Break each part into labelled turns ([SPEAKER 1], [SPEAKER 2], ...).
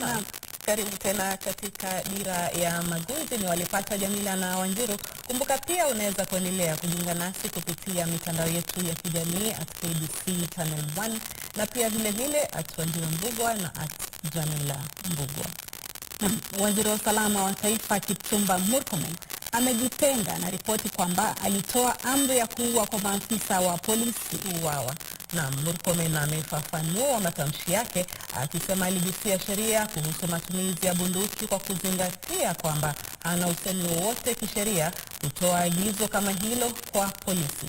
[SPEAKER 1] Na, karibu tena katika Dira ya Maguzi. Ni walipata Jamila na Wanjiru. Kumbuka pia unaweza kuendelea kujiunga nasi kupitia mitandao yetu ya kijamii at KBC Channel 1 na pia vilevile at Wanjiru Mbugwa na at Jamila Mbugwa. Waziri wa usalama wa taifa Kipchumba Murkomen amejitenga na ripoti kwamba alitoa amri ya kuua kwa maafisa wa polisi uwawa na Murkomen amefafanua matamshi yake akisema aligusia sheria kuhusu matumizi ya bunduki kwa kuzingatia kwamba ana usemi wowote kisheria kutoa agizo kama hilo kwa polisi.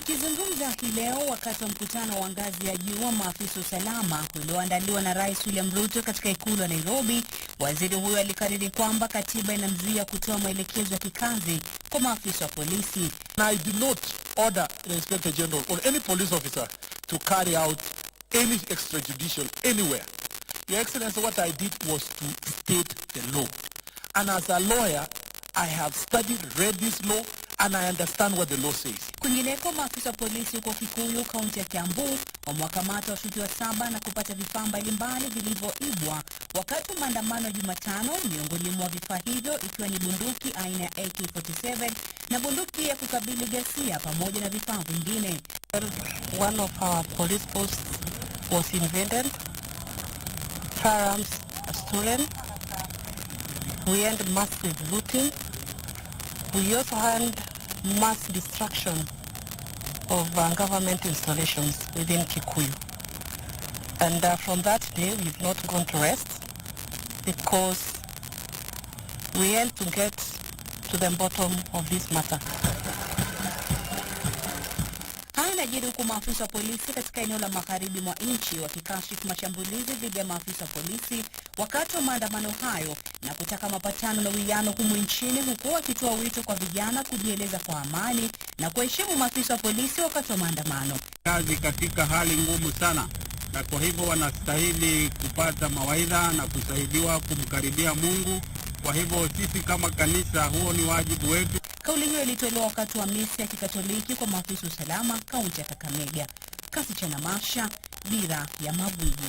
[SPEAKER 1] Akizungumza hii leo wakati wa mkutano wa ngazi ya juu wa maafisa usalama ulioandaliwa na Rais William Ruto katika ikulu ya Nairobi, waziri huyo alikariri kwamba katiba inamzuia kutoa maelekezo ya kikazi kwa maafisa wa polisi.
[SPEAKER 2] I did not order the inspector general or any police officer to carry out any extrajudicial anywhere. Your Excellency, what I did was to state the law. And as a lawyer, I have studied, read this law and I understand what the law says.
[SPEAKER 1] Kwingineko, maafisa wa polisi huko Kikuyu, kaunti ya Kiambu wamewakamata washukiwa saba na kupata vifaa mbalimbali vilivyoibwa wakati wa maandamano ya Jumatano, miongoni mwa vifaa hivyo ikiwa ni bunduki aina ya AK47 na bunduki ya kukabili ghasia pamoja na vifaa vingine.
[SPEAKER 3] One of our police posts was invaded. Firearms stolen. We end massive looting. We also had mass destruction of uh, government installations within Kikuyu. And uh, from that day, we've not gone to rest because we aim to get to the bottom of this matter.
[SPEAKER 1] Haya yanajiri huku maafisa wa polisi katika eneo la magharibi mwa nchi wakikashifu mashambulizi dhidi ya maafisa wa polisi wakati wa maandamano hayo na kutaka mapatano na uwiano humu nchini huku wakitoa wito kwa vijana kujieleza kwa amani na kuheshimu maafisa wa polisi wakati wa maandamano.
[SPEAKER 4] Kazi katika hali ngumu sana, na kwa hivyo wanastahili kupata mawaidha na kusaidiwa kumkaribia Mungu. Kwa hivyo sisi kama kanisa, huo ni wajibu wetu.
[SPEAKER 1] Kauli hiyo ilitolewa wakati wa misa ya kikatoliki kwa maafisa usalama kaunti ya Kakamega. Kasi cha Namasha, dira ya magwiji.